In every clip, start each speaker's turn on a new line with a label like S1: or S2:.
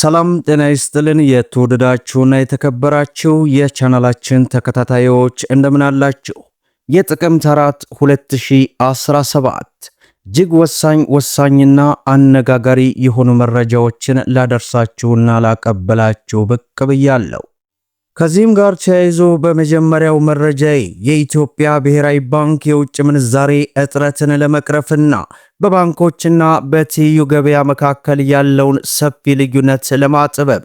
S1: ሰላም ጤና ይስጥልን። የተወደዳችሁና የተከበራችሁ የቻናላችን ተከታታዮች እንደምን አላችሁ? የጥቅምት 4 2017 እጅግ ወሳኝ ወሳኝና አነጋጋሪ የሆኑ መረጃዎችን ላደርሳችሁና ላቀበላችሁ ብቅ ብያለሁ። ከዚህም ጋር ተያይዞ በመጀመሪያው መረጃዬ የኢትዮጵያ ብሔራዊ ባንክ የውጭ ምንዛሬ እጥረትን ለመቅረፍና በባንኮችና በትይዩ ገበያ መካከል ያለውን ሰፊ ልዩነት ለማጥበብ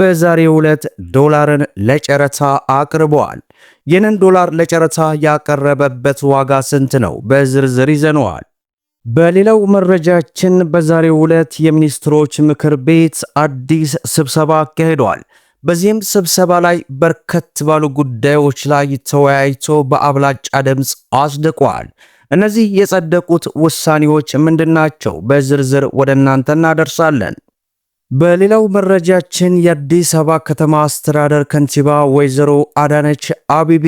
S1: በዛሬው ዕለት ዶላርን ለጨረታ አቅርበዋል። ይህንን ዶላር ለጨረታ ያቀረበበት ዋጋ ስንት ነው? በዝርዝር ይዘነዋል። በሌላው መረጃችን በዛሬው ዕለት የሚኒስትሮች ምክር ቤት አዲስ ስብሰባ አካሂዷል። በዚህም ስብሰባ ላይ በርከት ባሉ ጉዳዮች ላይ ተወያይቶ በአብላጫ ድምፅ አጽድቋል። እነዚህ የጸደቁት ውሳኔዎች ምንድናቸው? በዝርዝር ወደ እናንተ እናደርሳለን። በሌላው መረጃችን የአዲስ አበባ ከተማ አስተዳደር ከንቲባ ወይዘሮ አዳነች አቢቢ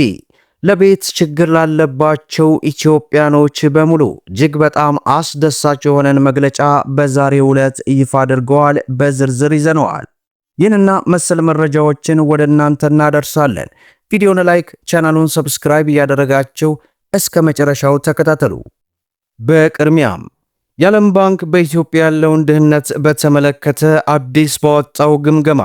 S1: ለቤት ችግር ላለባቸው ኢትዮጵያኖች በሙሉ እጅግ በጣም አስደሳች የሆነን መግለጫ በዛሬው ዕለት ይፋ አድርገዋል። በዝርዝር ይዘነዋል። ይህንና መሰል መረጃዎችን ወደ እናንተ እናደርሳለን። ቪዲዮን ላይክ፣ ቻናሉን ሰብስክራይብ እያደረጋችሁ እስከ መጨረሻው ተከታተሉ። በቅድሚያም የዓለም ባንክ በኢትዮጵያ ያለውን ድህነት በተመለከተ አዲስ ባወጣው ግምገማ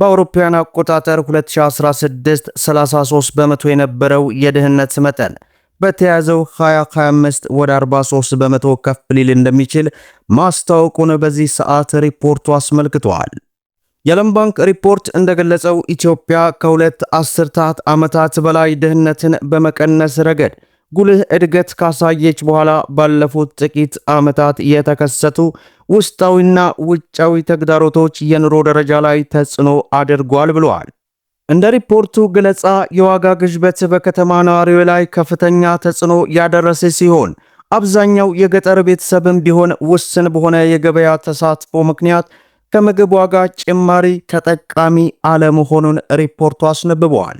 S1: በአውሮፓውያን አቆጣጠር 2016 33 በመቶ የነበረው የድህነት መጠን በተያዘው 2025 ወደ 43 በመቶ ከፍ ሊል እንደሚችል ማስታወቁን በዚህ ሰዓት ሪፖርቱ አስመልክቷል። የዓለም ባንክ ሪፖርት እንደገለጸው ኢትዮጵያ ከሁለት አስርታት ዓመታት በላይ ድህነትን በመቀነስ ረገድ ጉልህ እድገት ካሳየች በኋላ ባለፉት ጥቂት ዓመታት የተከሰቱ ውስጣዊና ውጫዊ ተግዳሮቶች የኑሮ ደረጃ ላይ ተጽዕኖ አድርጓል ብለዋል። እንደ ሪፖርቱ ገለጻ የዋጋ ግሽበት በከተማ ነዋሪው ላይ ከፍተኛ ተጽዕኖ ያደረሰ ሲሆን አብዛኛው የገጠር ቤተሰብም ቢሆን ውስን በሆነ የገበያ ተሳትፎ ምክንያት ከምግብ ዋጋ ጭማሪ ተጠቃሚ አለመሆኑን ሪፖርቱ አስነብበዋል።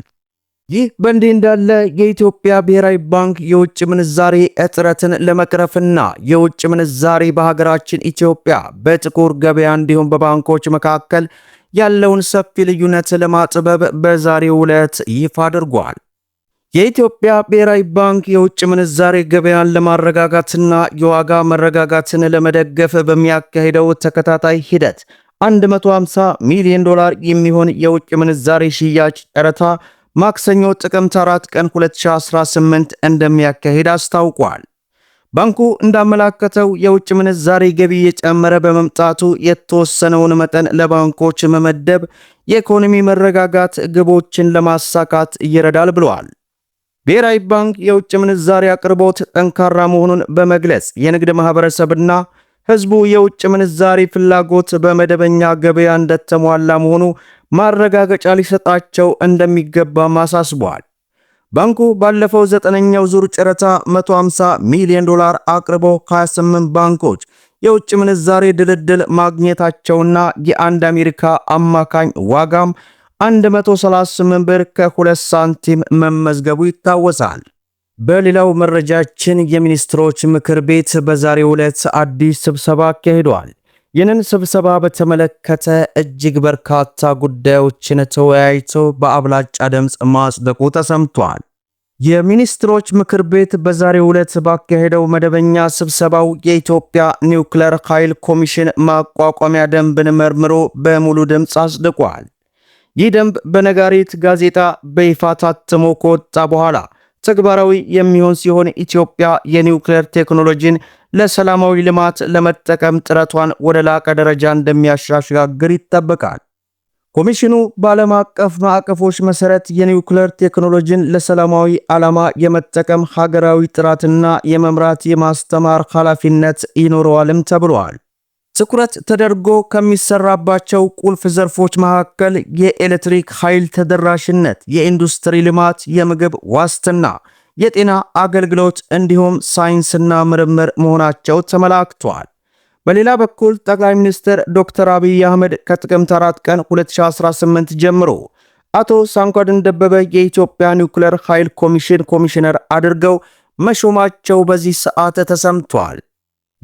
S1: ይህ በእንዲህ እንዳለ የኢትዮጵያ ብሔራዊ ባንክ የውጭ ምንዛሬ እጥረትን ለመቅረፍና የውጭ ምንዛሬ በሀገራችን ኢትዮጵያ በጥቁር ገበያ እንዲሁም በባንኮች መካከል ያለውን ሰፊ ልዩነት ለማጥበብ በዛሬው ዕለት ይፋ አድርጓል። የኢትዮጵያ ብሔራዊ ባንክ የውጭ ምንዛሬ ገበያን ለማረጋጋትና የዋጋ መረጋጋትን ለመደገፍ በሚያካሂደው ተከታታይ ሂደት 150 ሚሊዮን ዶላር የሚሆን የውጭ ምንዛሬ ሽያጭ ጨረታ ማክሰኞ ጥቅምት 4 ቀን 2018 እንደሚያካሂድ አስታውቋል። ባንኩ እንዳመላከተው የውጭ ምንዛሬ ገቢ እየጨመረ በመምጣቱ የተወሰነውን መጠን ለባንኮች መመደብ የኢኮኖሚ መረጋጋት ግቦችን ለማሳካት ይረዳል ብለዋል። ብሔራዊ ባንክ የውጭ ምንዛሬ አቅርቦት ጠንካራ መሆኑን በመግለጽ የንግድ ማህበረሰብና ህዝቡ የውጭ ምንዛሪ ፍላጎት በመደበኛ ገበያ እንደተሟላ መሆኑ ማረጋገጫ ሊሰጣቸው እንደሚገባም አሳስቧል። ባንኩ ባለፈው ዘጠነኛው ዙር ጨረታ 150 ሚሊዮን ዶላር አቅርቦ ከ28 ባንኮች የውጭ ምንዛሬ ድልድል ማግኘታቸውና የአንድ አሜሪካ አማካኝ ዋጋም 138 ብር ከ2 ሳንቲም መመዝገቡ ይታወሳል። በሌላው መረጃችን የሚኒስትሮች ምክር ቤት በዛሬው ዕለት አዲስ ስብሰባ አካሂዷል። ይህንን ስብሰባ በተመለከተ እጅግ በርካታ ጉዳዮችን ተወያይቶ በአብላጫ ድምፅ ማጽደቁ ተሰምቷል። የሚኒስትሮች ምክር ቤት በዛሬው ዕለት ባካሄደው መደበኛ ስብሰባው የኢትዮጵያ ኒውክሌር ኃይል ኮሚሽን ማቋቋሚያ ደንብን መርምሮ በሙሉ ድምፅ አጽድቋል። ይህ ደንብ በነጋሪት ጋዜጣ በይፋ ታትሞ ከወጣ በኋላ ተግባራዊ የሚሆን ሲሆን ኢትዮጵያ የኒውክሌር ቴክኖሎጂን ለሰላማዊ ልማት ለመጠቀም ጥረቷን ወደ ላቀ ደረጃ እንደሚያሻሸጋግር ይጠበቃል። ኮሚሽኑ በዓለም አቀፍ ማዕቀፎች መሰረት የኒውክሌር ቴክኖሎጂን ለሰላማዊ ዓላማ የመጠቀም ሀገራዊ ጥራትና የመምራት የማስተማር ኃላፊነት ይኖረዋልም ተብሏል። ትኩረት ተደርጎ ከሚሰራባቸው ቁልፍ ዘርፎች መካከል የኤሌክትሪክ ኃይል ተደራሽነት፣ የኢንዱስትሪ ልማት፣ የምግብ ዋስትና፣ የጤና አገልግሎት እንዲሁም ሳይንስና ምርምር መሆናቸው ተመላክቷል። በሌላ በኩል ጠቅላይ ሚኒስትር ዶክተር አብይ አህመድ ከጥቅምት 4 ቀን 2018 ጀምሮ አቶ ሳንኳድን ደበበ የኢትዮጵያ ኒውክሌር ኃይል ኮሚሽን ኮሚሽነር አድርገው መሾማቸው በዚህ ሰዓት ተሰምቷል።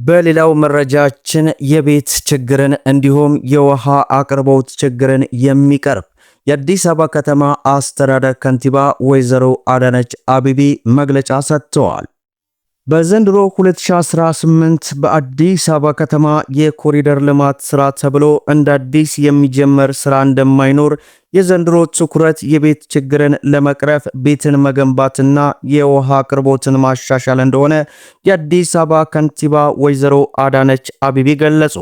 S1: በሌላው መረጃችን የቤት ችግርን እንዲሁም የውሃ አቅርቦት ችግርን የሚቀርብ የአዲስ አበባ ከተማ አስተዳደር ከንቲባ ወይዘሮ አዳነች አቢቢ መግለጫ ሰጥተዋል። በዘንድሮ 2018 በአዲስ አበባ ከተማ የኮሪደር ልማት ስራ ተብሎ እንደ አዲስ የሚጀመር ስራ እንደማይኖር የዘንድሮ ትኩረት የቤት ችግርን ለመቅረፍ ቤትን መገንባትና የውሃ አቅርቦትን ማሻሻል እንደሆነ የአዲስ አበባ ከንቲባ ወይዘሮ አዳነች አቢቢ ገለጹ።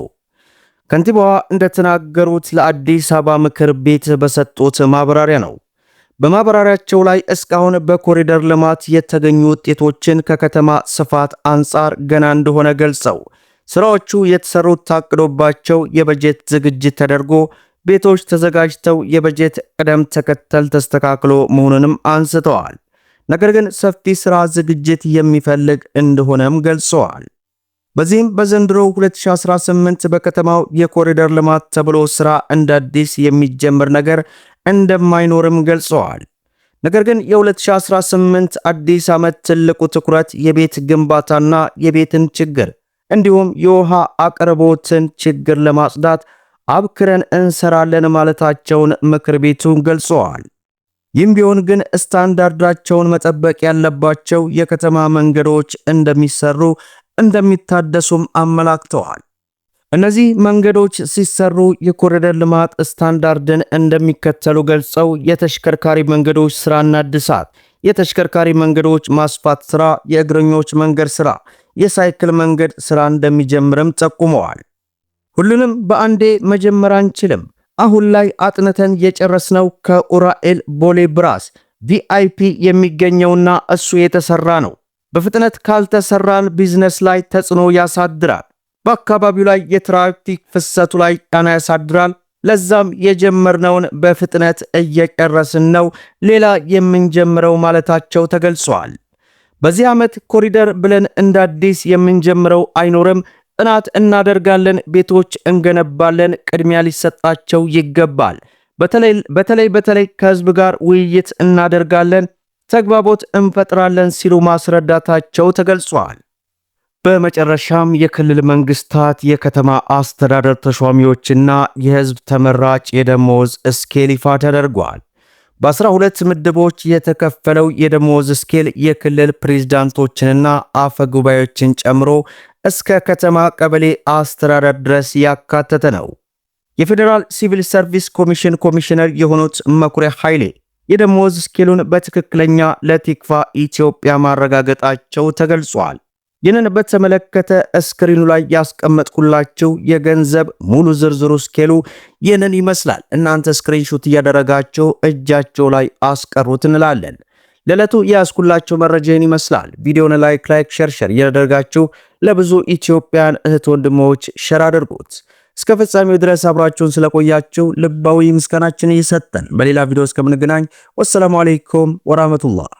S1: ከንቲባዋ እንደተናገሩት ለአዲስ አበባ ምክር ቤት በሰጡት ማብራሪያ ነው። በማብራሪያቸው ላይ እስካሁን በኮሪደር ልማት የተገኙ ውጤቶችን ከከተማ ስፋት አንጻር ገና እንደሆነ ገልጸው ስራዎቹ የተሰሩት ታቅዶባቸው የበጀት ዝግጅት ተደርጎ ቤቶች ተዘጋጅተው የበጀት ቅደም ተከተል ተስተካክሎ መሆኑንም አንስተዋል። ነገር ግን ሰፊ ስራ ዝግጅት የሚፈልግ እንደሆነም ገልጸዋል። በዚህም በዘንድሮ 2018 በከተማው የኮሪደር ልማት ተብሎ ስራ እንደ አዲስ የሚጀምር ነገር እንደማይኖርም ገልጸዋል። ነገር ግን የ2018 አዲስ ዓመት ትልቁ ትኩረት የቤት ግንባታና የቤትን ችግር እንዲሁም የውሃ አቅርቦትን ችግር ለማጽዳት አብክረን እንሰራለን ማለታቸውን ምክር ቤቱ ገልጸዋል። ይህም ቢሆን ግን ስታንዳርዳቸውን መጠበቅ ያለባቸው የከተማ መንገዶች እንደሚሰሩ እንደሚታደሱም አመላክተዋል። እነዚህ መንገዶች ሲሰሩ የኮሪደር ልማት ስታንዳርድን እንደሚከተሉ ገልጸው የተሽከርካሪ መንገዶች ስራና እድሳት፣ የተሽከርካሪ መንገዶች ማስፋት ስራ፣ የእግረኞች መንገድ ስራ፣ የሳይክል መንገድ ስራ እንደሚጀምርም ጠቁመዋል። ሁሉንም በአንዴ መጀመር አንችልም። አሁን ላይ አጥንተን የጨረስነው ከኡራኤል ቦሌ ብራስ ቪአይፒ የሚገኘውና እሱ የተሰራ ነው። በፍጥነት ካልተሰራን ቢዝነስ ላይ ተጽዕኖ ያሳድራል። በአካባቢው ላይ የትራፊክ ፍሰቱ ላይ ጫና ያሳድራል። ለዛም የጀመርነውን በፍጥነት እየቀረስን ነው፣ ሌላ የምንጀምረው ማለታቸው ተገልጿል። በዚህ ዓመት ኮሪደር ብለን እንደ አዲስ የምንጀምረው አይኖርም። ጥናት እናደርጋለን፣ ቤቶች እንገነባለን። ቅድሚያ ሊሰጣቸው ይገባል። በተለይ በተለይ ከህዝብ ጋር ውይይት እናደርጋለን ተግባቦት እንፈጥራለን ሲሉ ማስረዳታቸው ተገልጿል። በመጨረሻም የክልል መንግስታት የከተማ አስተዳደር ተሿሚዎችና የህዝብ ተመራጭ የደሞዝ ስኬል ይፋ ተደርጓል። በ12 ምድቦች የተከፈለው የደሞዝ ስኬል የክልል ፕሬዝዳንቶችንና አፈ ጉባኤዎችን ጨምሮ እስከ ከተማ ቀበሌ አስተዳደር ድረስ ያካተተ ነው። የፌዴራል ሲቪል ሰርቪስ ኮሚሽን ኮሚሽነር የሆኑት መኩሪያ ኃይሌ የደሞዝ ስኬሉን በትክክለኛ ለቲክፋ ኢትዮጵያ ማረጋገጣቸው ተገልጿል። ይህንን በተመለከተ እስክሪኑ ላይ ያስቀመጥኩላችሁ የገንዘብ ሙሉ ዝርዝሩ ስኬሉ ይህንን ይመስላል። እናንተ ስክሪንሹት እያደረጋችሁ እጃቸው ላይ አስቀሩት እንላለን። ለዕለቱ የያዝኩላችሁ መረጃ ይህን ይመስላል። ቪዲዮን ላይክ ላይክ ሸርሸር እያደረጋችሁ ለብዙ ኢትዮጵያን እህት ወንድሞች ሸር አድርጉት። እስከ ፍጻሜው ድረስ አብራችሁን ስለቆያችሁ ልባዊ ምስጋናችን እየሰጠን በሌላ ቪዲዮ እስከምንገናኝ ወሰላሙ አሌይኩም ወራህመቱላህ።